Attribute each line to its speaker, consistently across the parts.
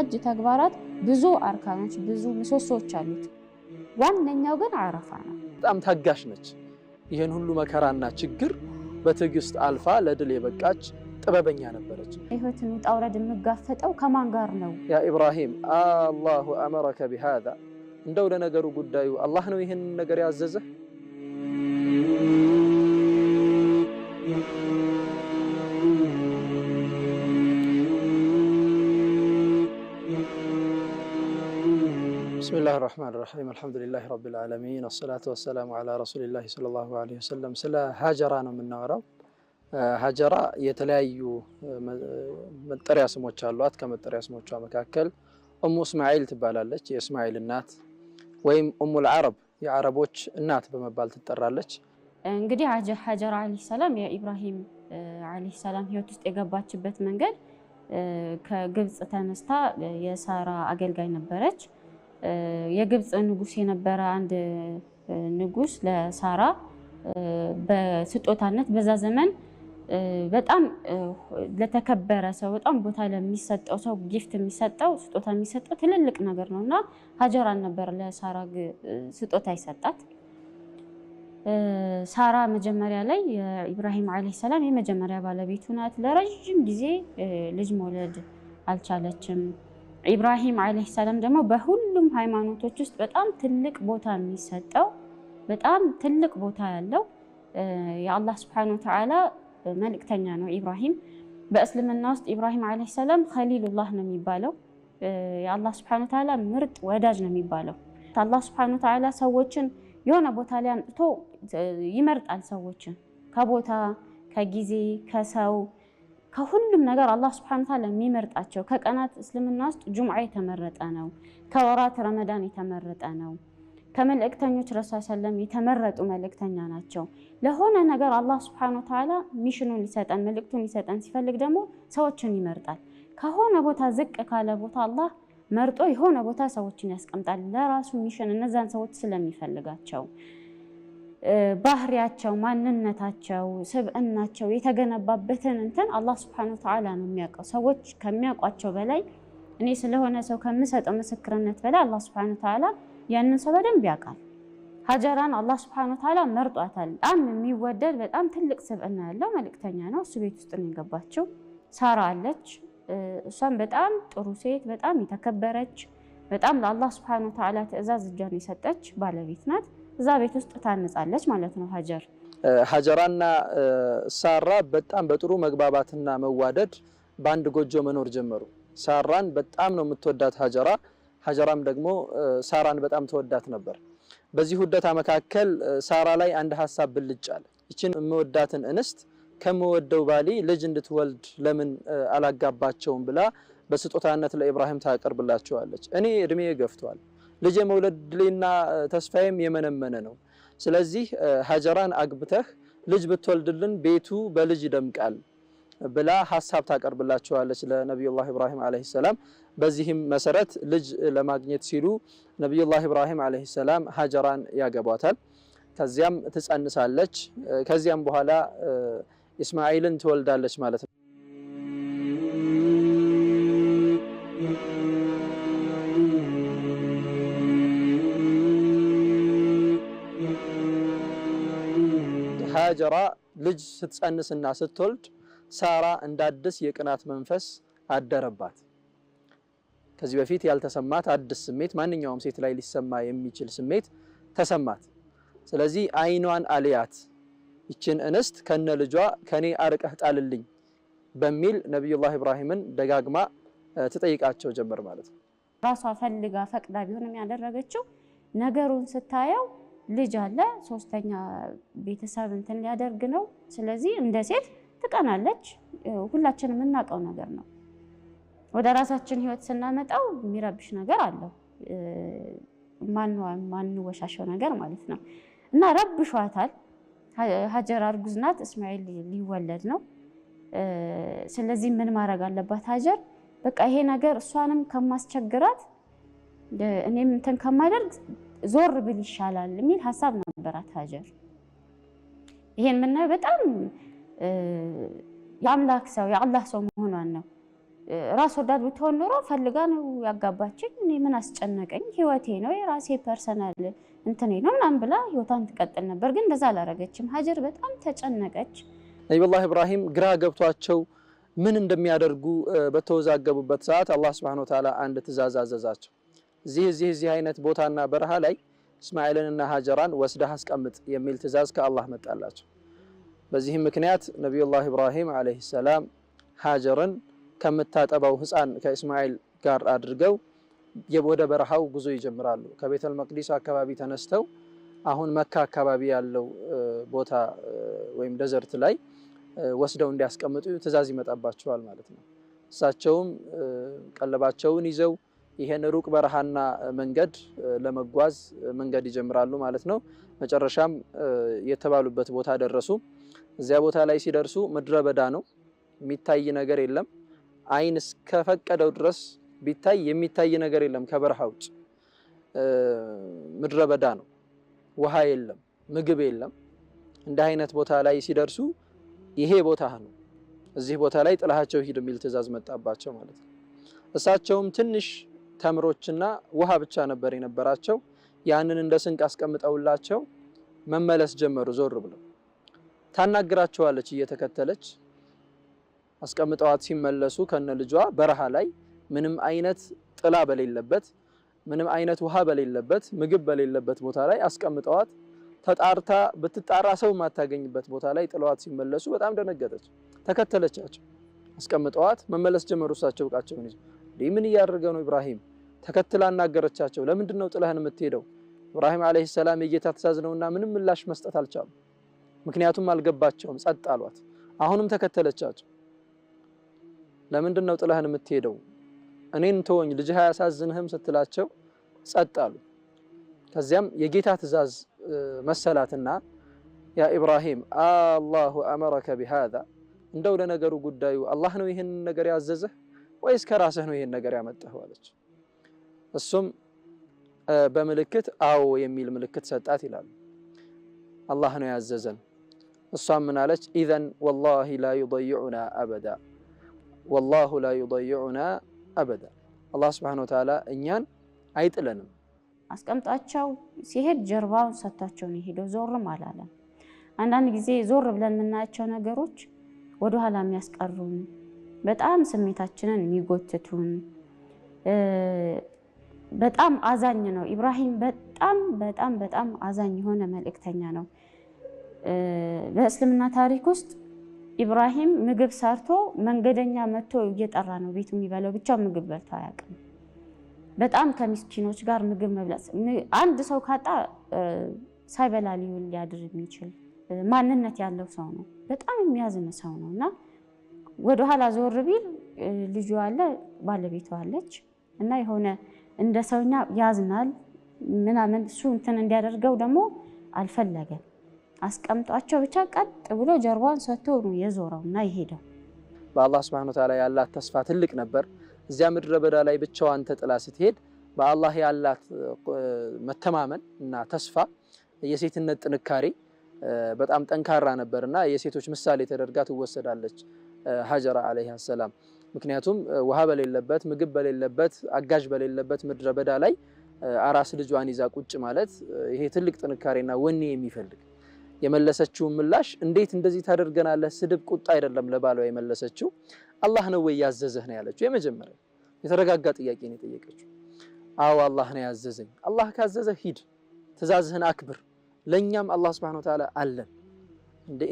Speaker 1: የሐጅ ተግባራት ብዙ አርካኖች ብዙ ምሰሶዎች አሉት። ዋነኛው ግን አረፋ ነው።
Speaker 2: በጣም ታጋሽ ነች። ይህን ሁሉ መከራና ችግር በትዕግስት አልፋ ለድል የበቃች ጥበበኛ ነበረች።
Speaker 1: ህይወትን ውጣ ውረድ የምጋፈጠው ከማን ጋር ነው?
Speaker 2: ያ ኢብራሂም አላሁ አመረከ ቢሃዛ፣ እንደው ለነገሩ ጉዳዩ አላህ ነው ይህንን ነገር ያዘዘህ الله الرحمن الرحيم الحمد لله رب العالمين الصلاة والسلام على رسول الله صلى الله عليه وسلم سلا هاجرانا من نورا هاجرا يتلايو من طريع سمو تشالوات كما طريع سمو مكاكل أم اسماعيل تبالالج يا اسماعيل النات ويم أم العرب يا النات بما بالت تترالج
Speaker 1: انقدي هاجر عليه السلام يا إبراهيم عليه السلام هي تستيقابات شبت منقل كقبس تنستا يا أقل قاينا برج የግብፅ ንጉስ የነበረ አንድ ንጉስ ለሳራ በስጦታነት በዛ ዘመን በጣም ለተከበረ ሰው በጣም ቦታ ለሚሰጠው ሰው ጊፍት የሚሰጠው ስጦታ የሚሰጠው ትልልቅ ነገር ነው እና ሀጀራን ነበር ለሳራ ስጦታ ይሰጣት። ሳራ መጀመሪያ ላይ የኢብራሂም ዓለይሂ ሰላም የመጀመሪያ ባለቤቱ ናት። ለረዥም ጊዜ ልጅ መውለድ አልቻለችም። ኢብራሂም ዓለይሂ ሰላም ደግሞ በሁሉም ሃይማኖቶች ውስጥ በጣም ትልቅ ቦታ የሚሰጠው በጣም ትልቅ ቦታ ያለው የአላህ ስብሐነ ወተዓላ መልእክተኛ ነው። ኢብራሂም በእስልምና ውስጥ ኢብራሂም ዓለይሂ ሰላም ኸሊሉላህ ነው የሚባለው። የአላህ ስብሐነ ወተዓላ ምርጥ ወዳጅ ነው የሚባለው። አላህ ስብሐነ ወተዓላ ሰዎችን የሆነ ቦታ ላይ አምጥቶ ይመርጣል። ሰዎችን ከቦታ ከጊዜ ከሰው ከሁሉም ነገር አላህ ስብሐነ ወተዓላ የሚመርጣቸው ከቀናት እስልምና ውስጥ ጁምዓ የተመረጠ ነው። ከወራት ረመዳን የተመረጠ ነው። ከመልእክተኞች ረሱ ሰለም የተመረጡ መልእክተኛ ናቸው። ለሆነ ነገር አላህ ስብሐነ ወተዓላ ሚሽኑን ሊሰጠን መልእክቱን ሊሰጠን ሲፈልግ ደግሞ ሰዎችን ይመርጣል። ከሆነ ቦታ ዝቅ ካለ ቦታ አላህ መርጦ የሆነ ቦታ ሰዎችን ያስቀምጣል። ለራሱ ሚሽን እነዛን ሰዎች ስለሚፈልጋቸው ባህሪያቸው፣ ማንነታቸው፣ ስብእናቸው የተገነባበትን እንትን አላህ ስብሐነሁ ወተዓላ ነው የሚያውቀው። ሰዎች ከሚያውቋቸው በላይ እኔ ስለሆነ ሰው ከምሰጠው ምስክርነት በላይ አላህ ስብሐነሁ ወተዓላ ያንን ሰው በደንብ ያውቃል። ሀጀራን አላህ ስብሐነሁ ወተዓላ መርጧታል። በጣም የሚወደድ በጣም ትልቅ ስብዕና ያለው መልእክተኛ ነው። እሱ ቤት ውስጥ ነው የገባችው። ሳራ አለች። እሷም በጣም ጥሩ ሴት፣ በጣም የተከበረች፣ በጣም ለአላህ ስብሐነሁ ወተዓላ ትዕዛዝ እጇን የሰጠች ባለቤት ናት። እዛ ቤት ውስጥ ታነጻለች ማለት ነው ሀጀር።
Speaker 2: ሀጀራና ሳራ በጣም በጥሩ መግባባትና መዋደድ በአንድ ጎጆ መኖር ጀመሩ። ሳራን በጣም ነው የምትወዳት ሀጀራ፣ ሀጀራም ደግሞ ሳራን በጣም ተወዳት ነበር። በዚህ ውደታ መካከል ሳራ ላይ አንድ ሀሳብ ብልጭ አለ። ይችን የምወዳትን እንስት ከምወደው ባሌ ልጅ እንድትወልድ ለምን አላጋባቸውም ብላ በስጦታነት ለኢብራሂም ታቀርብላቸዋለች። እኔ እድሜ ገፍቷል ልጅ መውለድ ሌና ተስፋዬም የመነመነ ነው። ስለዚህ ሀጀራን አግብተህ ልጅ ብትወልድልን ቤቱ በልጅ ይደምቃል ብላ ሀሳብ ታቀርብላቸዋለች ለነቢዩላህ ኢብራሂም ዓለይሂ ሰላም። በዚህም መሰረት ልጅ ለማግኘት ሲሉ ነቢዩላህ ኢብራሂም ዓለይሂ ሰላም ሀጀራን ያገቧታል። ከዚያም ትጸንሳለች። ከዚያም በኋላ ኢስማኤልን ትወልዳለች ማለት ነው። ሀጀራ ልጅ ስትጸንስና ስትወልድ ሳራ እንዳዲስ የቅናት መንፈስ አደረባት። ከዚህ በፊት ያልተሰማት አዲስ ስሜት፣ ማንኛውም ሴት ላይ ሊሰማ የሚችል ስሜት ተሰማት። ስለዚህ አይኗን አልያት ይችን እንስት ከነ ልጇ ከኔ አርቀህ ጣልልኝ በሚል ነቢዩላህ ኢብራሂምን ደጋግማ ትጠይቃቸው ጀመር ማለት ነው።
Speaker 1: ራሷ ፈልጋ ፈቅዳ ቢሆንም ያደረገችው ነገሩን ስታየው ልጅ አለ፣ ሶስተኛ ቤተሰብ እንትን ሊያደርግ ነው። ስለዚህ እንደ ሴት ትቀናለች። ሁላችንም የምናውቀው ነገር ነው። ወደ ራሳችን ህይወት ስናመጣው የሚረብሽ ነገር አለው። ማንወሻሸው ነገር ማለት ነው። እና ረብሿታል። ሀጀር አርጉዝ ናት። እስማኤል ሊወለድ ነው። ስለዚህ ምን ማድረግ አለባት ሀጀር? በቃ ይሄ ነገር እሷንም ከማስቸግራት እኔም እንትን ከማደርግ ዞር ብል ይሻላል የሚል ሀሳብ ነበራት ሀጀር። ይሄን የምናየው በጣም የአምላክ ሰው የአላህ ሰው መሆኗን ነው። ራስ ወዳድ ብትሆን ኖሮ ፈልጋ ነው ያጋባችኝ፣ እኔ ምን አስጨነቀኝ፣ ህይወቴ ነው የራሴ ፐርሰናል እንትኔ ነው ምናምን ብላ ህይወቷን ትቀጥል ነበር። ግን እንደዛ አላረገችም። ሀጀር በጣም ተጨነቀች።
Speaker 2: ነቢዩላህ ኢብራሂም ግራ ገብቷቸው ምን እንደሚያደርጉ በተወዛገቡበት ሰዓት አላህ ስብሐነሁ ወተዓላ አንድ ትእዛዝ አዘዛቸው። እዚህ እዚህ እዚህ አይነት ቦታና በረሃ ላይ እስማኤልንና ሀጀራን ወስደህ አስቀምጥ የሚል ትእዛዝ ከአላህ መጣላቸው። በዚህም ምክንያት ነቢዩላህ ኢብራሂም ዓለይሂ ሰላም ሀጀርን ከምታጠባው ህፃን ከእስማኤል ጋር አድርገው ወደ በረሃው ጉዞ ይጀምራሉ። ከቤተል መቅዲስ አካባቢ ተነስተው አሁን መካ አካባቢ ያለው ቦታ ወይም ደዘርት ላይ ወስደው እንዲያስቀምጡ ትእዛዝ ይመጣባቸዋል ማለት ነው። እሳቸውም ቀለባቸውን ይዘው ይሄን ሩቅ በረሃና መንገድ ለመጓዝ መንገድ ይጀምራሉ ማለት ነው። መጨረሻም የተባሉበት ቦታ ደረሱ። እዚያ ቦታ ላይ ሲደርሱ ምድረ በዳ ነው፣ የሚታይ ነገር የለም። አይን እስከፈቀደው ድረስ ቢታይ የሚታይ ነገር የለም። ከበረሃ ውጭ ምድረ በዳ ነው፣ ውሃ የለም፣ ምግብ የለም። እንዲህ አይነት ቦታ ላይ ሲደርሱ ይሄ ቦታ ነው፣ እዚህ ቦታ ላይ ጥላሃቸው ሂድ የሚል ትዕዛዝ መጣባቸው ማለት ነው። እሳቸውም ትንሽ ተምሮችና ውሃ ብቻ ነበር የነበራቸው። ያንን እንደ ስንቅ አስቀምጠውላቸው መመለስ ጀመሩ። ዞር ብለው ታናግራቸዋለች እየተከተለች አስቀምጠዋት ሲመለሱ ከነ ልጇ በረሃ ላይ ምንም አይነት ጥላ በሌለበት፣ ምንም አይነት ውሃ በሌለበት፣ ምግብ በሌለበት ቦታ ላይ አስቀምጠዋት ተጣርታ ብትጣራ ሰው ማታገኝበት ቦታ ላይ ጥለዋት ሲመለሱ በጣም ደነገጠች። ተከተለቻቸው፣ አስቀምጠዋት መመለስ ጀመሩ። እሳቸው እቃቸውን ይዘው ምን እያደረገ ነው ኢብራሂም ተከትላ አናገረቻቸው። ለምንድን ነው ጥለህን የምትሄደው? ኢብራሂም አለይሂ ሰላም የጌታ ትእዛዝ ነውና ምንም ምላሽ መስጠት አልቻሉ? ምክንያቱም አልገባቸውም፣ ጸጥ አሏት። አሁንም ተከተለቻቸው። ለምንድን ነው ጥለህን የምትሄደው? እኔን ተወኝ፣ ልጅህ አያሳዝንህም ስትላቸው ጸጥ አሉ። ከዚያም የጌታ ትእዛዝ መሰላትና ያ ኢብራሂም አላሁ አመረከ ቢሃዛ እንደው ለነገሩ ጉዳዩ አላህ ነው ይህን ነገር ያዘዘህ ወይስ ከራስህ ነው ይህን ነገር ያመጣህ አለች እሱም በምልክት አዎ የሚል ምልክት ሰጣት ይላሉ። አላህ ነው ያዘዘን። እሷም ምን አለች? ኢዘን ወላሂ ላ ዩደይዑና አበዳ ወላሁ ላ ዩደይዑና አበዳ። አላህ ስብሐነሁ ወተዓላ እኛን አይጥለንም።
Speaker 1: አስቀምጧቸው ሲሄድ ጀርባውን ሰጥቷቸው ነው የሄደው። ዞርም አላለም። አንዳንድ ጊዜ ዞር ብለን የምናያቸው ነገሮች ወደኋላ የሚያስቀሩን በጣም ስሜታችንን የሚጎትቱን በጣም አዛኝ ነው። ኢብራሂም በጣም በጣም በጣም አዛኝ የሆነ መልእክተኛ ነው። በእስልምና ታሪክ ውስጥ ኢብራሂም ምግብ ሰርቶ መንገደኛ መጥቶ እየጠራ ነው ቤቱ የሚበለው። ብቻ ምግብ በልቶ አያውቅም። በጣም ከምስኪኖች ጋር ምግብ መብላት አንድ ሰው ካጣ ሳይበላ ሊውል ሊያድር የሚችል ማንነት ያለው ሰው ነው። በጣም የሚያዝን ሰው ነው እና ወደኋላ ዞር ቢል ልጁ አለ፣ ባለቤቱ አለች እና የሆነ እንደ ሰውኛ ያዝናል ምናምን እሱ እንትን እንዲያደርገው ደግሞ አልፈለገም። አስቀምጧቸው ብቻ ቀጥ ብሎ ጀርባን ሰጥቶ ነው የዞረው እና የሄደው።
Speaker 2: በአላህ ስብሐነሁ ወተዓላ ያላት ተስፋ ትልቅ ነበር። እዚያ ምድረ በዳ ላይ ብቻዋን ተጥላ ስትሄድ በአላህ ያላት መተማመን እና ተስፋ የሴትነት ጥንካሬ በጣም ጠንካራ ነበር እና የሴቶች ምሳሌ ተደርጋ ትወሰዳለች ሀጀራ ዓለይሃ ሰላም። ምክንያቱም ውሃ በሌለበት ምግብ በሌለበት አጋዥ በሌለበት ምድረ በዳ ላይ አራስ ልጇን ይዛ ቁጭ ማለት ይሄ ትልቅ ጥንካሬና ወኔ የሚፈልግ የመለሰችውን ምላሽ እንዴት እንደዚህ ታደርገናለህ? ስድብ፣ ቁጣ አይደለም ለባሏ የመለሰችው አላህ ነው ወይ ያዘዘህ ነው ያለችው። የመጀመሪያ የተረጋጋ ጥያቄ ነው የጠየቀችው። አዎ አላህ ነው ያዘዘኝ። አላህ ካዘዘህ ሂድ፣ ትእዛዝህን አክብር፣ ለእኛም አላህ ስብሐነሁ ወተዓላ አለን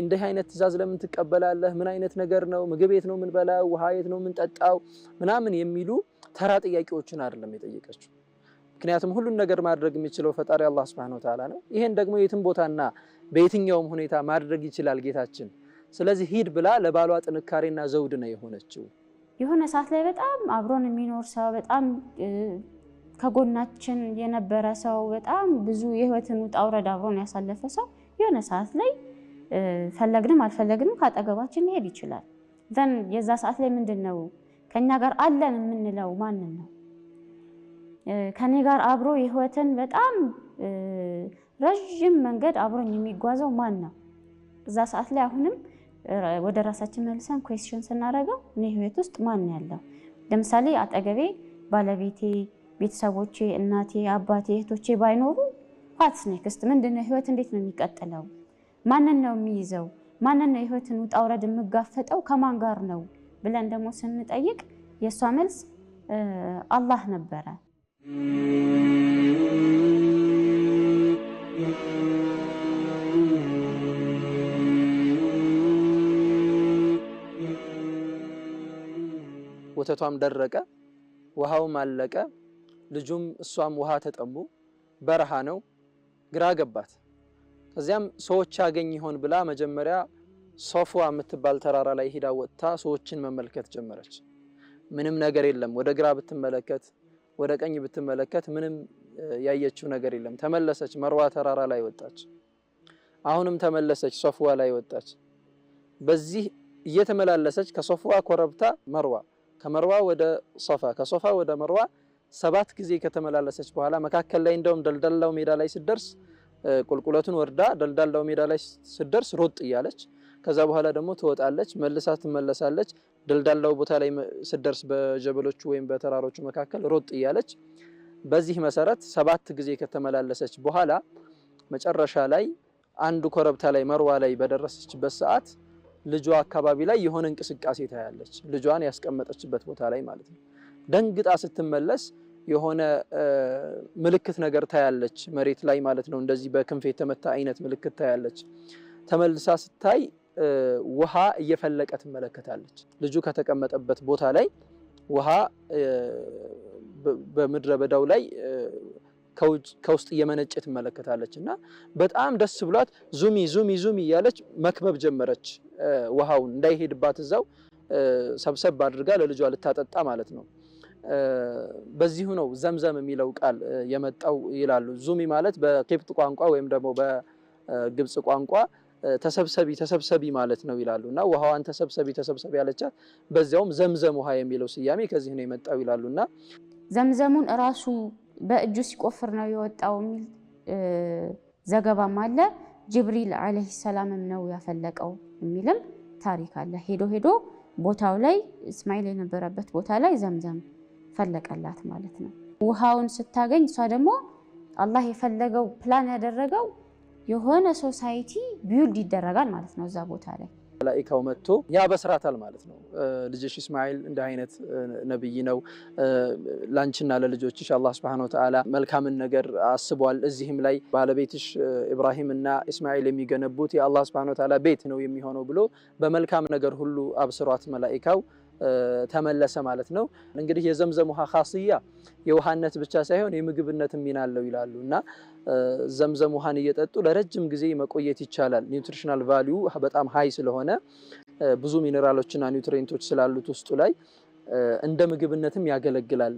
Speaker 2: እንደዚህ አይነት ትእዛዝ ለምን ትቀበላለህ? ምን አይነት ነገር ነው? ምግብ የት ነው የምንበላው? ውሃ የት ነው የምንጠጣው? ምናምን የሚሉ ተራ ጥያቄዎችን አይደለም የጠየቀችው። ምክንያቱም ሁሉን ነገር ማድረግ የሚችለው ፈጣሪ አላህ ሱብሓነሁ ወተዓላ ነው። ይሄን ደግሞ የትም ቦታና በየትኛውም ሁኔታ ማድረግ ይችላል ጌታችን። ስለዚህ ሂድ ብላ ለባሏ ጥንካሬና ዘውድ ነው የሆነችው።
Speaker 1: የሆነ ሰዓት ላይ በጣም አብሮን የሚኖር ሰው፣ በጣም ከጎናችን የነበረ ሰው፣ በጣም ብዙ የህይወትን ውጣ ውረድ አብሮን ያሳለፈ ሰው የሆነ ሰዓት ላይ ፈለግንም አልፈለግንም ከአጠገባችን መሄድ ይችላል። ዘን የዛ ሰዓት ላይ ምንድን ነው ከእኛ ጋር አለን የምንለው ማንን ነው? ከኔ ጋር አብሮ የህይወትን በጣም ረዥም መንገድ አብሮኝ የሚጓዘው ማን ነው? እዛ ሰዓት ላይ አሁንም ወደ ራሳችን መልሰን ኩዌስችን ስናደርገው እኔ ህይወት ውስጥ ማን ያለው? ለምሳሌ አጠገቤ ባለቤቴ፣ ቤተሰቦቼ፣ እናቴ፣ አባቴ፣ እህቶቼ ባይኖሩ ፓትስ ኔክስት ምንድነው? ህይወት እንዴት ነው የሚቀጥለው? ማንን ነው የሚይዘው? ማንን ነው የህይወትን ውጣ ውረድ የምጋፈጠው? ከማን ጋር ነው ብለን ደግሞ ስንጠይቅ የእሷ መልስ አላህ ነበረ።
Speaker 2: ወተቷም ደረቀ፣ ውሃውም አለቀ፣ ልጁም እሷም ውሃ ተጠሙ። በረሃ ነው፣ ግራ ገባት። ከዚያም ሰዎች ያገኝ ይሆን ብላ መጀመሪያ ሶፍዋ የምትባል ተራራ ላይ ሂዳ ወጥታ ሰዎችን መመልከት ጀመረች። ምንም ነገር የለም። ወደ ግራ ብትመለከት፣ ወደ ቀኝ ብትመለከት ምንም ያየችው ነገር የለም። ተመለሰች፣ መርዋ ተራራ ላይ ወጣች። አሁንም ተመለሰች፣ ሶፍዋ ላይ ወጣች። በዚህ እየተመላለሰች ከሶፍዋ ኮረብታ መርዋ፣ ከመርዋ ወደ ሶፋ፣ ከሶፋ ወደ መርዋ ሰባት ጊዜ ከተመላለሰች በኋላ መካከል ላይ እንደውም ደልደላው ሜዳ ላይ ስትደርስ ቁልቁለቱን ወርዳ ደልዳላው ሜዳ ላይ ስደርስ ሮጥ እያለች ከዛ በኋላ ደግሞ ትወጣለች፣ መልሳ ትመለሳለች። ደልዳላው ቦታ ላይ ስደርስ በጀበሎቹ ወይም በተራሮቹ መካከል ሮጥ እያለች በዚህ መሰረት ሰባት ጊዜ ከተመላለሰች በኋላ መጨረሻ ላይ አንዱ ኮረብታ ላይ መርዋ ላይ በደረሰችበት ሰዓት ልጇ አካባቢ ላይ የሆነ እንቅስቃሴ ታያለች። ልጇን ያስቀመጠችበት ቦታ ላይ ማለት ነው። ደንግጣ ስትመለስ የሆነ ምልክት ነገር ታያለች መሬት ላይ ማለት ነው። እንደዚህ በክንፍ የተመታ አይነት ምልክት ታያለች። ተመልሳ ስታይ ውሃ እየፈለቀ ትመለከታለች። ልጁ ከተቀመጠበት ቦታ ላይ ውሃ በምድረ በዳው ላይ ከውስጥ እየመነጨ ትመለከታለች እና በጣም ደስ ብሏት ዙሚ ዙሚ ዙሚ እያለች መክበብ ጀመረች። ውሃውን እንዳይሄድባት እዛው ሰብሰብ አድርጋ ለልጇ ልታጠጣ ማለት ነው። በዚሁ ነው ዘምዘም የሚለው ቃል የመጣው ይላሉ። ዙሚ ማለት በኬፕት ቋንቋ ወይም ደግሞ በግብጽ ቋንቋ ተሰብሰቢ ተሰብሰቢ ማለት ነው ይላሉ እና ውሃዋን ተሰብሰቢ ተሰብሰቢ ያለቻት በዚያውም ዘምዘም ውሃ የሚለው ስያሜ ከዚህ ነው የመጣው ይላሉ እና
Speaker 1: ዘምዘሙን እራሱ በእጁ ሲቆፍር ነው የወጣው የሚል ዘገባም አለ። ጅብሪል ዓለይሂ ሰላምም ነው ያፈለቀው የሚልም ታሪክ አለ። ሄዶ ሄዶ ቦታው ላይ እስማኤል የነበረበት ቦታ ላይ ዘምዘም ፈለቀላት ማለት ነው። ውሃውን ስታገኝ እሷ ደግሞ አላህ የፈለገው ፕላን ያደረገው የሆነ ሶሳይቲ ቢውልድ ይደረጋል ማለት ነው እዛ ቦታ ላይ
Speaker 2: መላኢካው መጥቶ ያበስራታል ማለት ነው። ልጅሽ እስማኤል እንደ አይነት ነብይ ነው፣ ላንቺና ለልጆችሽ አላህ ስብሐነ ወተዓላ መልካምን ነገር አስቧል። እዚህም ላይ ባለቤትሽ ኢብራሂምና እስማኤል የሚገነቡት የአላህ ስብሐነ ወተዓላ ቤት ነው የሚሆነው ብሎ በመልካም ነገር ሁሉ አብስሯት መላኢካው ተመለሰ ማለት ነው። እንግዲህ የዘምዘም ውሃ ካስያ የውሃነት ብቻ ሳይሆን የምግብነት ሚና አለው ይላሉ እና ዘምዘም ውሃን እየጠጡ ለረጅም ጊዜ መቆየት ይቻላል። ኒውትሪሽናል ቫሊዩ በጣም ሀይ ስለሆነ ብዙ ሚኔራሎችና ኒውትሪንቶች ስላሉት ውስጡ ላይ እንደ ምግብነትም ያገለግላል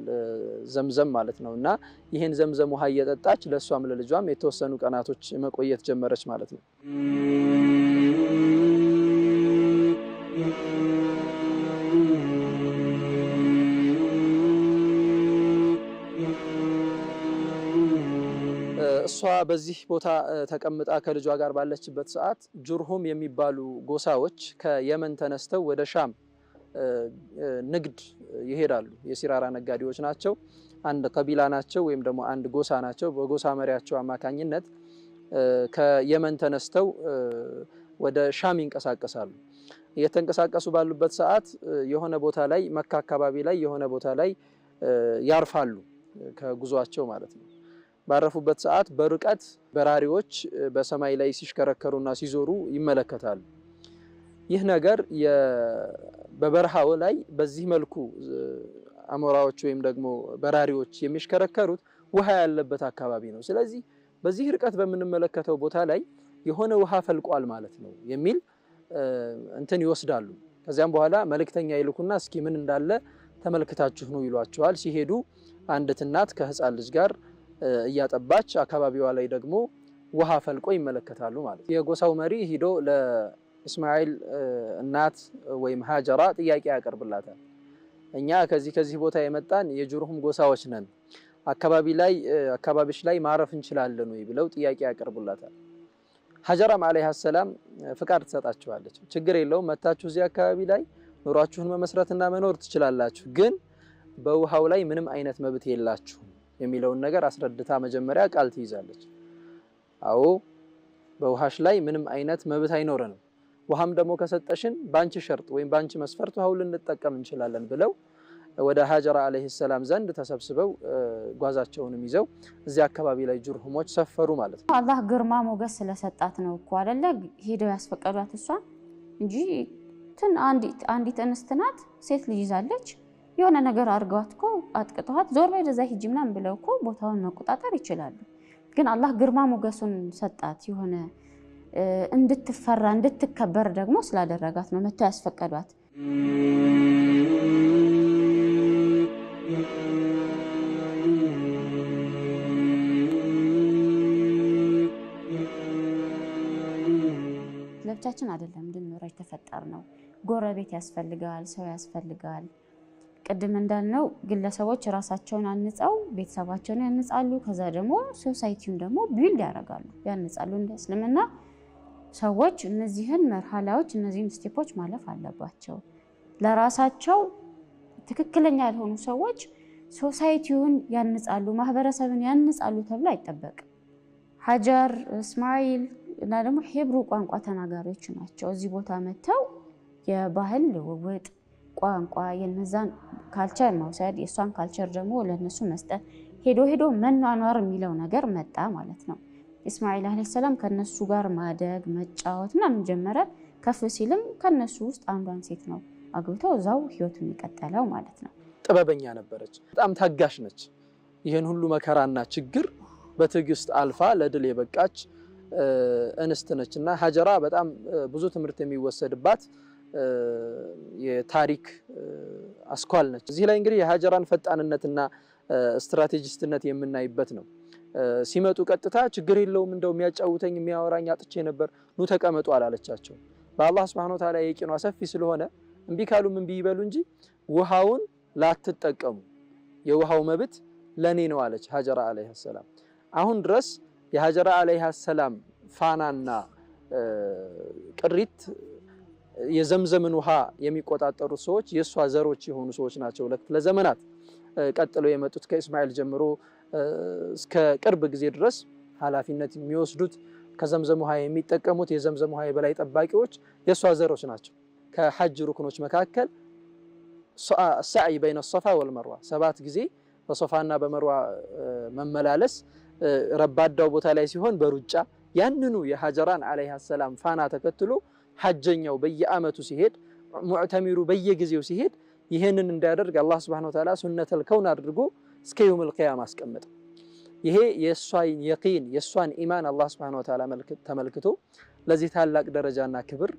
Speaker 2: ዘምዘም ማለት ነው። እና ይህን ዘምዘም ውሃ እየጠጣች ለእሷም ለልጇም የተወሰኑ ቀናቶች መቆየት ጀመረች ማለት ነው። እሷ በዚህ ቦታ ተቀምጣ ከልጇ ጋር ባለችበት ሰዓት ጁርሁም የሚባሉ ጎሳዎች ከየመን ተነስተው ወደ ሻም ንግድ ይሄዳሉ። የሲራራ ነጋዴዎች ናቸው። አንድ ቀቢላ ናቸው፣ ወይም ደግሞ አንድ ጎሳ ናቸው። በጎሳ መሪያቸው አማካኝነት ከየመን ተነስተው ወደ ሻም ይንቀሳቀሳሉ። እየተንቀሳቀሱ ባሉበት ሰዓት የሆነ ቦታ ላይ መካ አካባቢ ላይ የሆነ ቦታ ላይ ያርፋሉ፣ ከጉዟቸው ማለት ነው። ባረፉበት ሰዓት በርቀት በራሪዎች በሰማይ ላይ ሲሽከረከሩና ሲዞሩ ይመለከታሉ። ይህ ነገር በበረሃው ላይ በዚህ መልኩ አሞራዎች ወይም ደግሞ በራሪዎች የሚሽከረከሩት ውሃ ያለበት አካባቢ ነው። ስለዚህ በዚህ ርቀት በምንመለከተው ቦታ ላይ የሆነ ውሃ ፈልቋል ማለት ነው የሚል እንትን ይወስዳሉ። ከዚያም በኋላ መልእክተኛ ይልኩና እስኪ ምን እንዳለ ተመልክታችሁ ነው ይሏቸዋል። ሲሄዱ አንዲት እናት ከህፃን ልጅ ጋር እያጠባች አካባቢዋ ላይ ደግሞ ውሃ ፈልቆ ይመለከታሉ ማለት ነው። የጎሳው መሪ ሂዶ ለእስማኤል እናት ወይም ሀጀራ ጥያቄ ያቀርብላታል። እኛ ከዚህ ከዚህ ቦታ የመጣን የጁርሁም ጎሳዎች ነን፣ አካባቢ ላይ አካባቢሽ ላይ ማረፍ እንችላለን ወይ ብለው ጥያቄ ያቀርቡላታል። ሀጀራም አለይሃ ሰላም ፍቃድ ትሰጣችኋለች። ችግር የለውም መታችሁ እዚህ አካባቢ ላይ ኑሯችሁን መመስረትና መኖር ትችላላችሁ፣ ግን በውሃው ላይ ምንም አይነት መብት የላችሁም የሚለውን ነገር አስረድታ መጀመሪያ ቃል ትይዛለች። አዎ በውሃሽ ላይ ምንም አይነት መብት አይኖረንም፣ ውሃም ደግሞ ከሰጠሽን በአንቺ ሸርጥ ወይም በአንቺ መስፈርት ውሃው ልንጠቀም እንችላለን ብለው ወደ ሀጀራ አለይሂ ሰላም ዘንድ ተሰብስበው ጓዛቸውንም ይዘው እዚህ አካባቢ ላይ ጁርሁሞች ሰፈሩ ማለት
Speaker 1: ነው። አላህ ግርማ ሞገስ ስለሰጣት ነው እኮ አይደለ? ሄደው ያስፈቀዷት እሷ እንጂ እንትን አንዲት እንስት ናት፣ ሴት ልጅ ይዛለች የሆነ ነገር አድርገዋት እኮ አጥቅጠዋት ዞር በይ ወደዛ ሂጂ ምናምን ብለው እኮ ቦታውን መቆጣጠር ይችላሉ። ግን አላህ ግርማ ሞገሱን ሰጣት። የሆነ እንድትፈራ እንድትከበር ደግሞ ስላደረጋት ነው መተው ያስፈቀዷት። ለብቻችን አይደለም እንድንኖር የተፈጠር ነው። ጎረቤት ያስፈልጋል፣ ሰው ያስፈልጋል። ቅድም እንዳልነው ግለሰቦች ራሳቸውን አንጸው ቤተሰባቸውን ያንጻሉ። ከዛ ደግሞ ሶሳይቲውን ደግሞ ቢልድ ያደርጋሉ፣ ያንጻሉ። እንደ እስልምና ሰዎች እነዚህን መርሃላዎች እነዚህን ስቴፖች ማለፍ አለባቸው። ለራሳቸው ትክክለኛ ያልሆኑ ሰዎች ሶሳይቲውን ያንጻሉ፣ ማህበረሰብን ያንጻሉ ተብሎ አይጠበቅም። ሀጀር እስማኤል እና ደግሞ ሄብሩ ቋንቋ ተናጋሪዎች ናቸው። እዚህ ቦታ መጥተው የባህል ልውውጥ ቋንቋ የነዛን ካልቸር መውሰድ የእሷን ካልቸር ደግሞ ለእነሱ መስጠት ሄዶ ሄዶ መኗኗር የሚለው ነገር መጣ ማለት ነው። እስማኤል አለ ሰላም ከነሱ ጋር ማደግ መጫወት ምናምን ጀመረ። ከፍ ሲልም ከነሱ ውስጥ አንዷን ሴት ነው አግብተው እዛው ህይወቱን የቀጠለው ማለት ነው።
Speaker 2: ጥበበኛ ነበረች፣ በጣም ታጋሽ ነች። ይህን ሁሉ መከራና ችግር በትዕግስት አልፋ ለድል የበቃች እንስት ነች እና ሀጀራ በጣም ብዙ ትምህርት የሚወሰድባት የታሪክ አስኳል ነች። እዚህ ላይ እንግዲህ የሀጀራን ፈጣንነትና ስትራቴጂስትነት የምናይበት ነው። ሲመጡ ቀጥታ ችግር የለውም እንደው የሚያጫውተኝ የሚያወራኝ አጥቼ ነበር፣ ኑ ተቀመጡ አላለቻቸው። በአላህ ስብሐነ ወተዓላ የቂኗ ሰፊ ስለሆነ እምቢ ካሉም እምቢ ይበሉ እንጂ ውሃውን ላትጠቀሙ የውሃው መብት ለኔ ነው አለች ሀጀራ አለይሃ ሰላም። አሁን ድረስ የሀጀራ አለይሃ ሰላም ፋናና ቅሪት የዘምዘምን ውሃ የሚቆጣጠሩ ሰዎች የእሷ ዘሮች የሆኑ ሰዎች ናቸው። ለክፍለ ዘመናት ቀጥሎ የመጡት ከእስማኤል ጀምሮ እስከ ቅርብ ጊዜ ድረስ ኃላፊነት የሚወስዱት ከዘምዘም ውሃ የሚጠቀሙት የዘምዘም ውሃ የበላይ ጠባቂዎች የእሷ ዘሮች ናቸው። ከሐጅ ሩክኖች መካከል ሰዓይ በይነ ሶፋ ወልመርዋ ሰባት ጊዜ በሶፋና በመርዋ መመላለስ ረባዳው ቦታ ላይ ሲሆን በሩጫ ያንኑ የሀጀራን ዓለይሃ ሰላም ፋና ተከትሎ ሐጀኛው በየአመቱ ሲሄድ፣ ሙዕተሚሩ በየጊዜው ሲሄድ ይህንን እንዲያደርግ አላህ ሱብሓነሁ ወተዓላ ሱነተል ከውን አድርጎ እስከ የውመል ቂያማ አስቀመጠ። ይሄ የእሷን የቂን የእሷን ኢማን አላህ ሱብሓነሁ ወተዓላ ተመልክቶ ለዚህ ታላቅ ደረጃና ክብር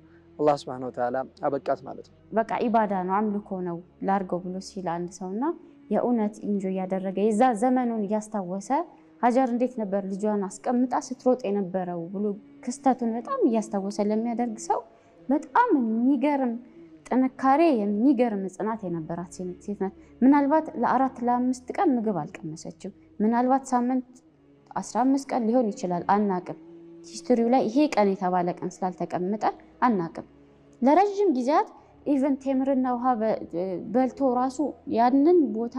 Speaker 2: አላህ ሱብሓነሁ ወተዓላ አበቃት ማለት
Speaker 1: ነው። በቃ ኢባዳ ነው አምልኮ ነው ላርገው ብሎ ሲል አንድ ሰውና የእውነት እንጆ እያደረገ የዛ ዘመኑን እያስታወሰ ሀጀር እንዴት ነበር ልጇን አስቀምጣ ስትሮጥ የነበረው ብሎ ክስተቱን በጣም እያስታወሰ ለሚያደርግ ሰው በጣም የሚገርም ጥንካሬ የሚገርም ጽናት የነበራት ሴት ናት። ምናልባት ለአራት ለአምስት ቀን ምግብ አልቀመሰችም። ምናልባት ሳምንት 15 ቀን ሊሆን ይችላል፣ አናቅም። ሂስትሪው ላይ ይሄ ቀን የተባለ ቀን ስላልተቀመጠ አናቅም። ለረዥም ጊዜያት ኢቨን ቴምርና ውሃ በልቶ ራሱ ያንን ቦታ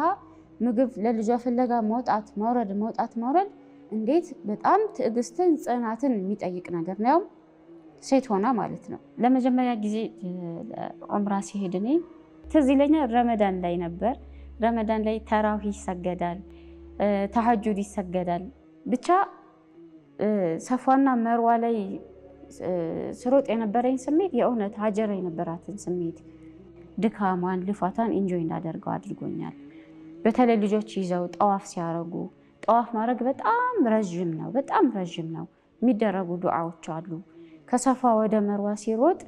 Speaker 1: ምግብ ለልጇ ፍለጋ መውጣት መውረድ መውጣት መውረድ እንዴት በጣም ትዕግስትን ጽናትን የሚጠይቅ ነገር ነው። ሴት ሆና ማለት ነው። ለመጀመሪያ ጊዜ ዑምራ ሲሄድ እኔ ትዝ ይለኛል ረመዳን ላይ ነበር። ረመዳን ላይ ተራዊህ ይሰገዳል፣ ተሐጁድ ይሰገዳል። ብቻ ሰፋና መርዋ ላይ ስሮጥ የነበረኝ ስሜት የእውነት ሀጀር የነበራትን ስሜት ድካሟን፣ ልፋቷን ኢንጆይ እንዳደርገው አድርጎኛል። በተለይ ልጆች ይዘው ጠዋፍ ሲያረጉ ጠዋፍ ማድረግ በጣም ረዥም ነው፣ በጣም ረዥም ነው። የሚደረጉ ዱዓዎች አሉ ከሰፋ ወደ መርዋ ሲሮጥ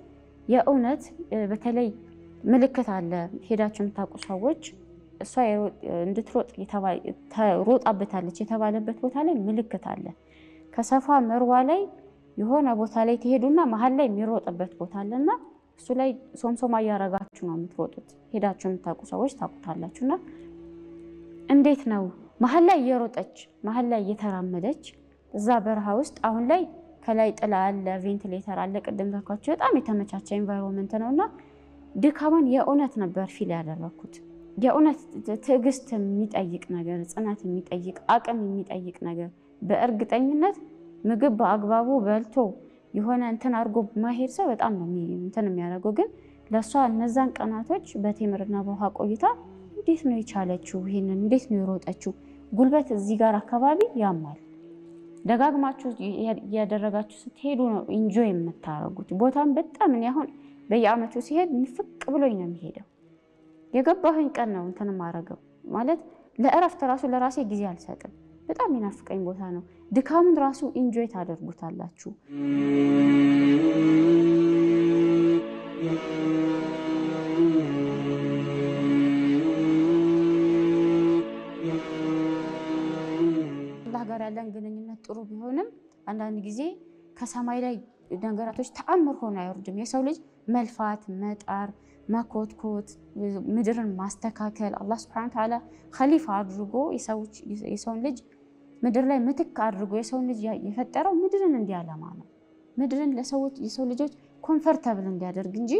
Speaker 1: የእውነት በተለይ ምልክት አለ። ሄዳችሁ የምታውቁ ሰዎች እሷ እንድትሮጥ ሮጣበታለች የተባለበት ቦታ ላይ ምልክት አለ። ከሰፋ መርዋ ላይ የሆነ ቦታ ላይ ትሄዱና መሀል ላይ የሚሮጥበት ቦታ እና እሱ ላይ ሶምሶማ እያረጋችሁ ነው የምትሮጡት። ሄዳችሁ የምታውቁ ሰዎች ታውቁታላችሁና እንዴት ነው መሀል ላይ እየሮጠች መሀል ላይ እየተራመደች እዛ በረሃ ውስጥ አሁን ላይ ከላይ ጥላ አለ፣ ቬንትሌተር አለ። ቅድም ዘኳቸው በጣም የተመቻቸ ኤንቫይሮንመንት ነው እና ድካማን የእውነት ነበር ፊል ያደረኩት። የእውነት ትዕግስት የሚጠይቅ ነገር፣ ጽናት የሚጠይቅ አቅም የሚጠይቅ ነገር። በእርግጠኝነት ምግብ በአግባቡ በልቶ የሆነ እንትን አድርጎ ማሄድ ሰው በጣም ነው እንትን የሚያደርገው። ግን ለእሷ እነዛን ቀናቶች በቴምርና በውሃ ቆይታ እንዴት ነው የቻለችው? ይህንን እንዴት ነው የሮጠችው? ጉልበት እዚህ ጋር አካባቢ ያማል ደጋግማችሁ እያደረጋችሁ ስትሄዱ ነው ኢንጆይ የምታደርጉት። ቦታም በጣም እኔ አሁን በየአመቱ ሲሄድ ንፍቅ ብሎኝ ነው የሚሄደው። የገባሁኝ ቀን ነው እንትን ማረገው ማለት ለእረፍት ራሱ ለራሴ ጊዜ አልሰጥም። በጣም የናፍቀኝ ቦታ ነው። ድካሙን ራሱ ኢንጆይ ታደርጉታላችሁ። ያለን ግንኙነት ጥሩ ቢሆንም አንዳንድ ጊዜ ከሰማይ ላይ ነገራቶች ተአምር ሆኖ አይወርድም። የሰው ልጅ መልፋት፣ መጣር፣ መኮትኮት፣ ምድርን ማስተካከል አላህ ስብሐነ ወተዓላ ኸሊፋ አድርጎ የሰውን ልጅ ምድር ላይ ምትክ አድርጎ የሰውን ልጅ የፈጠረው ምድርን እንዲያለማ ነው። ምድርን ለሰው የሰው ልጆች ኮንፈርተብል እንዲያደርግ እንጂ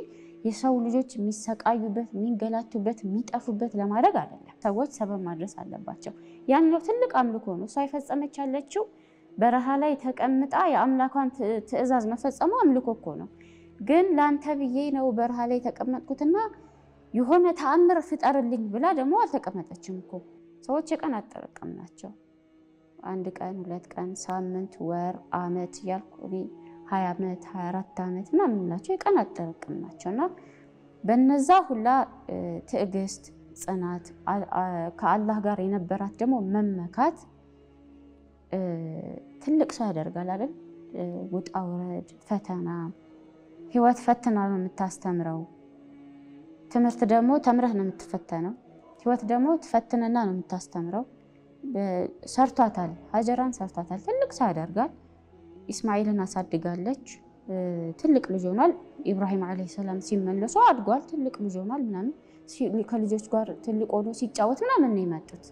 Speaker 1: የሰው ልጆች የሚሰቃዩበት፣ የሚንገላቱበት፣ የሚጠፉበት ለማድረግ አይደለም። ሰዎች ሰበብ ማድረስ አለባቸው። ያኛው ትልቅ አምልኮ ነው። እሷ የፈጸመች ያለችው በረሃ ላይ ተቀምጣ የአምላኳን ትእዛዝ መፈጸሙ አምልኮ እኮ ነው። ግን ለአንተ ብዬ ነው በረሃ ላይ የተቀመጥኩትና የሆነ ተአምር ፍጠርልኝ ብላ ደግሞ አልተቀመጠችም እኮ። ሰዎች የቀን አጠረቀም ናቸው። አንድ ቀን፣ ሁለት ቀን፣ ሳምንት፣ ወር፣ አመት እያልኩ ሀያ ዓመት ሀያ ዓመት ምናምን የምንላቸው የቀን አጠረቅም ናቸው እና በነዛ ሁላ ትዕግስት፣ ጽናት፣ ከአላህ ጋር የነበራት ደግሞ መመካት ትልቅ ሰው ያደርጋል አይደል? ውጣ ውረድ፣ ፈተና ህይወት ፈትና ነው የምታስተምረው። ትምህርት ደግሞ ተምረህ ነው የምትፈተነው። ህይወት ደግሞ ትፈትንና ነው የምታስተምረው። ሰርቷታል፣ ሀጀራን ሰርቷታል። ትልቅ ሰው ያደርጋል። ኢስማኤልን አሳድጋለች። ትልቅ ልጅ ሆኗል። ኢብራሂም ዓለይሂ ሰላም ሲመለሱ አድጓል። ትልቅ ልጅ ሆኗል ምናምን ከልጆች ጋር ትልቅ ሆኖ ሲጫወት ምናምን ነው የመጡት።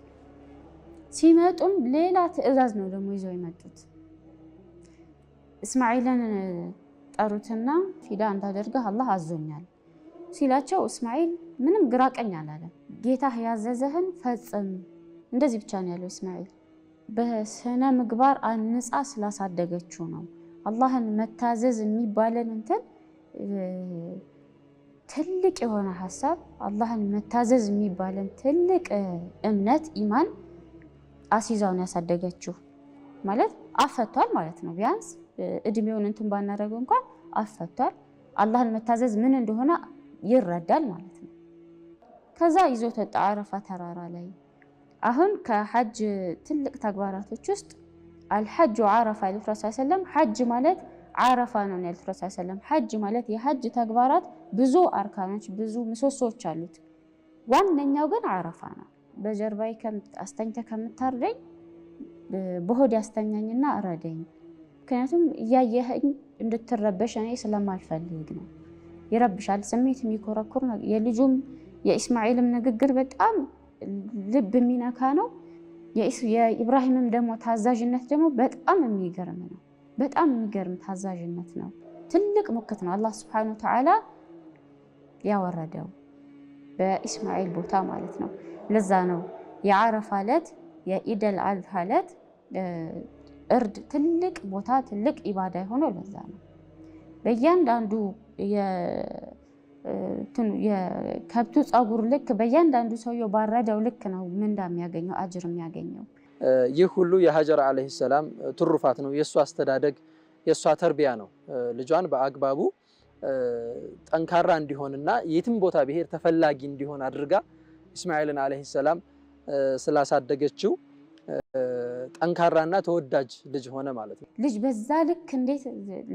Speaker 1: ሲመጡም ሌላ ትዕዛዝ ነው ደግሞ ይዘው የመጡት። እስማኤልን ጠሩትና ፊዳ እንዳደርጋ አላህ አዞኛል ሲላቸው እስማኤል ምንም ግራቀኝ አላለ አላለም። ጌታህ ያዘዘህን ፈጽም። እንደዚህ ብቻ ነው ያለው እስማኤል። በስነ ምግባር አንጻ ስላሳደገችው ነው። አላህን መታዘዝ የሚባለን እንትን ትልቅ የሆነ ሀሳብ አላህን መታዘዝ የሚባለን ትልቅ እምነት ኢማን አሲዛውን ያሳደገችው ማለት አፈቷል ማለት ነው። ቢያንስ እድሜውን እንትን ባናደረገው እንኳን አፈቷል። አላህን መታዘዝ ምን እንደሆነ ይረዳል ማለት ነው። ከዛ ይዞ ወጣ አረፋ ተራራ ላይ አሁን ከሐጅ ትልቅ ተግባራቶች ውስጥ አልሐጁ ዓረፋ ያሉት ረሱል ሰለም ሐጅ ማለት ዓረፋ ነው ያሉት ረሱል ሰለም ሐጅ ማለት የሐጅ ተግባራት ብዙ አርካኖች ብዙ ምሰሶዎች አሉት። ዋነኛው ግን ዓረፋ ነው። በጀርባዬ አስተኝተ ከምታርደኝ በሆድ ያስተኛኝና እረደኝ። ምክንያቱም እያየኸኝ እንድትረበሽ እኔ ስለማልፈልግ ነው። ይረብሻል፣ ስሜት የሚኮረኩር ነው። የልጁም የኢስማኤልም ንግግር በጣም ልብ የሚነካ ነው። የኢብራሂምም ደግሞ ታዛዥነት ደግሞ በጣም የሚገርም ነው። በጣም የሚገርም ታዛዥነት ነው። ትልቅ ሙክት ነው አላህ ስብሐነሁ ወተዓላ ያወረደው በኢስማኤል ቦታ ማለት ነው። ለዛ ነው የአረፋ ዕለት የኢደል አድሃ ዕለት እርድ ትልቅ ቦታ ትልቅ ኢባዳ የሆነው ለዛ ነው በእያንዳንዱ የከብቱ ፀጉር ልክ በእያንዳንዱ ሰውየው ባረደው ልክ ነው ምንዳ የሚያገኘው አጅር የሚያገኘው።
Speaker 2: ይህ ሁሉ የሀጀር ዓለይሂ ሰላም ትሩፋት ነው። የእሷ አስተዳደግ የእሷ ተርቢያ ነው። ልጇን በአግባቡ ጠንካራ እንዲሆንና የትም ቦታ ብሄር ተፈላጊ እንዲሆን አድርጋ እስማኤልን ዓለይሂ ሰላም ስላሳደገችው ጠንካራና ተወዳጅ ልጅ ሆነ ማለት ነው።
Speaker 1: ልጅ በዛ ልክ እንዴት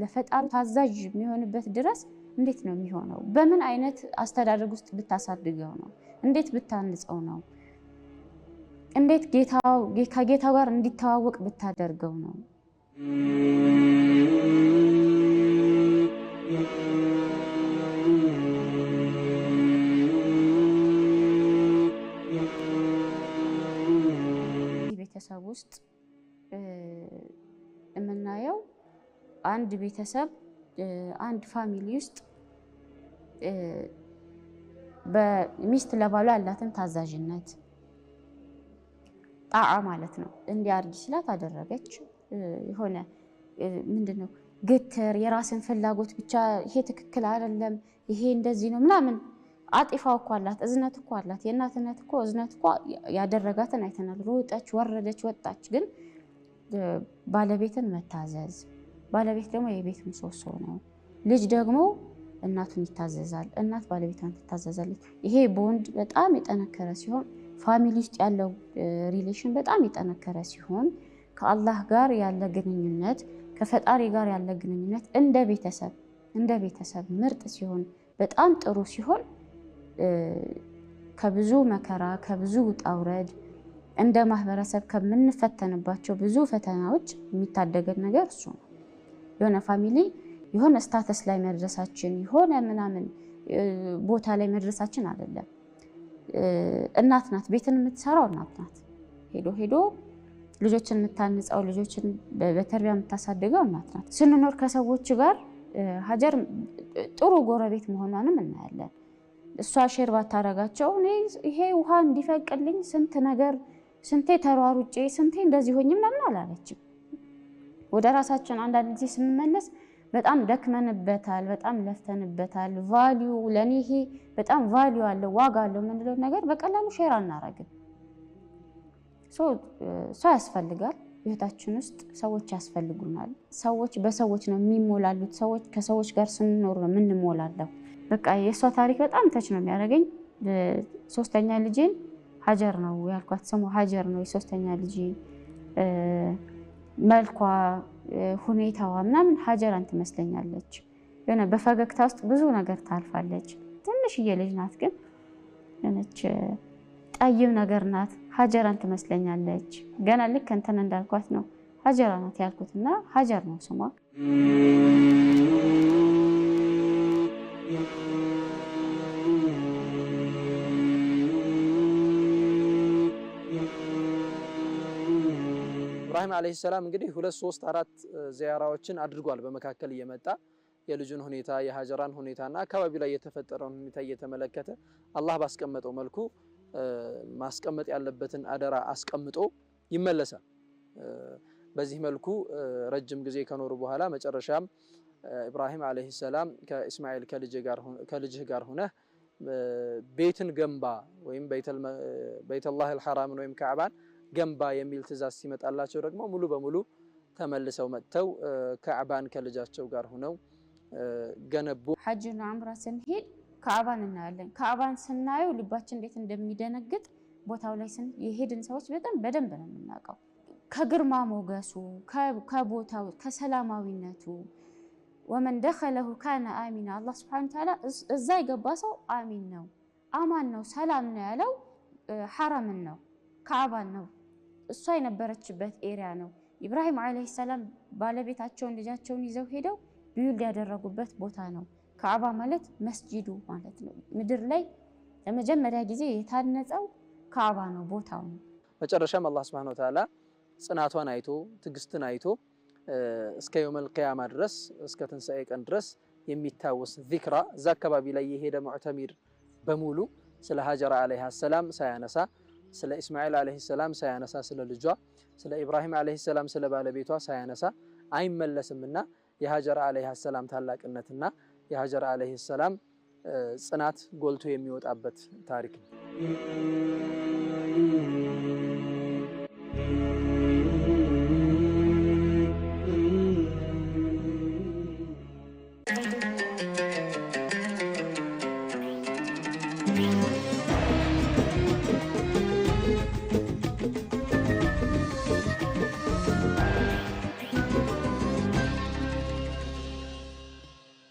Speaker 1: ለፈጣሪ ታዛዥ የሚሆንበት ድረስ እንዴት ነው የሚሆነው? በምን አይነት አስተዳደግ ውስጥ ብታሳድገው ነው? እንዴት ብታንጸው ነው? እንዴት ከጌታው ጋር እንዲተዋወቅ ብታደርገው ነው? ቤተሰብ ውስጥ የምናየው አንድ ቤተሰብ አንድ ፋሚሊ ውስጥ በሚስት ለባሏ ያላትን ታዛዥነት ጣዓ ማለት ነው። እንዲያርግ ሲላት አደረገች። የሆነ ምንድን ነው ግትር የራስን ፍላጎት ብቻ ይሄ ትክክል አይደለም፣ ይሄ እንደዚህ ነው ምናምን አጢፋው እኮ አላት፣ እዝነት እኮ አላት። የእናትነት እኮ እዝነት እኮ ያደረጋትን አይተናል። ሮጠች፣ ወረደች፣ ወጣች። ግን ባለቤትን መታዘዝ ባለቤት ደግሞ የቤት ምሰሶ ነው። ልጅ ደግሞ እናቱን ይታዘዛል፣ እናት ባለቤቷን ትታዘዛለች። ይሄ ቦንድ በጣም የጠነከረ ሲሆን ፋሚሊ ውስጥ ያለው ሪሌሽን በጣም የጠነከረ ሲሆን ከአላህ ጋር ያለ ግንኙነት ከፈጣሪ ጋር ያለ ግንኙነት እንደ ቤተሰብ እንደ ቤተሰብ ምርጥ ሲሆን በጣም ጥሩ ሲሆን ከብዙ መከራ ከብዙ ውጣ ውረድ እንደ ማህበረሰብ ከምንፈተንባቸው ብዙ ፈተናዎች የሚታደገን ነገር እሱ ነው የሆነ ፋሚሊ የሆነ ስታተስ ላይ መድረሳችን የሆነ ምናምን ቦታ ላይ መድረሳችን አይደለም። እናት ናት፣ ቤትን የምትሰራው እናት ናት። ሄዶ ሄዶ ልጆችን የምታንጻው ልጆችን በተርቢያ የምታሳድገው እናት ናት። ስንኖር ከሰዎች ጋር ሀጀር ጥሩ ጎረቤት መሆኗንም እናያለን። እሷ ሼር ባታረጋቸው እኔ ይሄ ውሃ እንዲፈቅልኝ ስንት ነገር ስንቴ ተሯሩጬ ስንቴ እንደዚህ ሆኝም ለምን አላለችም። ወደ ራሳችን አንዳንድ ጊዜ ስንመለስ በጣም ደክመንበታል፣ በጣም ለፍተንበታል። ቫሊዩ ለእኔ ይሄ በጣም ቫሊዩ አለው ዋጋ አለው የምንለው ነገር በቀላሉ ሼር አናረግም። ሰው ያስፈልጋል። ህይወታችን ውስጥ ሰዎች ያስፈልጉናል። ሰዎች በሰዎች ነው የሚሞላሉት። ሰዎች ከሰዎች ጋር ስንኖር ነው የምንሞላለው። በቃ የእሷ ታሪክ በጣም ተች ነው የሚያደርገኝ። ሶስተኛ ልጄን ሀጀር ነው ያልኳት፣ ስሟ ሀጀር ነው። የሶስተኛ ልጄ መልኳ ሁኔታዋ ምናምን ሀጀራን ትመስለኛለች። የሆነ በፈገግታ ውስጥ ብዙ ነገር ታልፋለች። ትንሽዬ ልጅ ናት፣ ግን የሆነች ጠይም ነገር ናት። ሀጀራን ትመስለኛለች። ገና ልክ እንትን እንዳልኳት ነው ሀጀራ ናት ያልኩት እና ሀጀር ነው ስሟ።
Speaker 2: ኢብራሂም አለይሂ ሰላም እንግዲህ ሁለት ሶስት አራት ዚያራዎችን አድርጓል። በመካከል እየመጣ የልጁን ሁኔታ የሀጀራን ሁኔታና አካባቢ ላይ የተፈጠረውን ሁኔታ እየተመለከተ አላህ ባስቀመጠው መልኩ ማስቀመጥ ያለበትን አደራ አስቀምጦ ይመለሳል። በዚህ መልኩ ረጅም ጊዜ ከኖሩ በኋላ መጨረሻም ኢብራሂም አለይሂ ሰላም ከእስማኤል ከልጅህ ጋር ሁነህ ቤትን ገንባ ወይም ቤተላህ አልሐራምን ወይም ካዕባን ገንባ የሚል ትዛዝ ሲመጣላቸው ደግሞ ሙሉ በሙሉ ተመልሰው መጥተው ከዕባን ከልጃቸው ጋር ሆነው ገነቡ።
Speaker 1: ሐጅና ዑምራ ስንሄድ ከዕባን እናያለን። ከዕባን ስናየው ልባችን እንዴት እንደሚደነግጥ ቦታው ላይ የሄድን ሰዎች በጣም በደንብ ነው የምናውቀው። ከግርማ ሞገሱ፣ ከቦታው፣ ከሰላማዊነቱ ወመን ደኸለሁ ካነ አሚና አላህ ስብሐነሁ ተዓላ እዛ የገባ ሰው አሚን ነው፣ አማን ነው፣ ሰላም ነው ያለው ሐረምን ነው፣ ከዕባን ነው እሷ የነበረችበት ኤሪያ ነው። ኢብራሂም ዓለይሂ ሰላም ባለቤታቸውን ልጃቸውን ይዘው ሄደው ቢዩልድ ያደረጉበት ቦታ ነው። ከአባ ማለት መስጂዱ ማለት ነው። ምድር ላይ ለመጀመሪያ ጊዜ የታነጸው ከአባ ነው፣ ቦታው ነው።
Speaker 2: መጨረሻም አላህ ሱብሓነሁ ወተዓላ ጽናቷን አይቶ ትግስትን አይቶ እስከ የውመል ቂያማ ድረስ እስከ ትንሣኤ ቀን ድረስ የሚታወስ ዚክራ እዛ አካባቢ ላይ የሄደ ሙዕተሚር በሙሉ ስለ ሀጀራ ዓለይሃ ሰላም ሳያነሳ ስለ እስማኤል አለይሂ ሰላም ሳያነሳ ስለ ልጇ፣ ስለ ኢብራሂም አለይሂ ሰላም ስለ ባለቤቷ ሳያነሳ አይመለስምና የሀጀር አለይሂ ሰላም ታላቅነትና የሀጀር አለይሂ ሰላም ጽናት ጎልቶ የሚወጣበት ታሪክ ነው።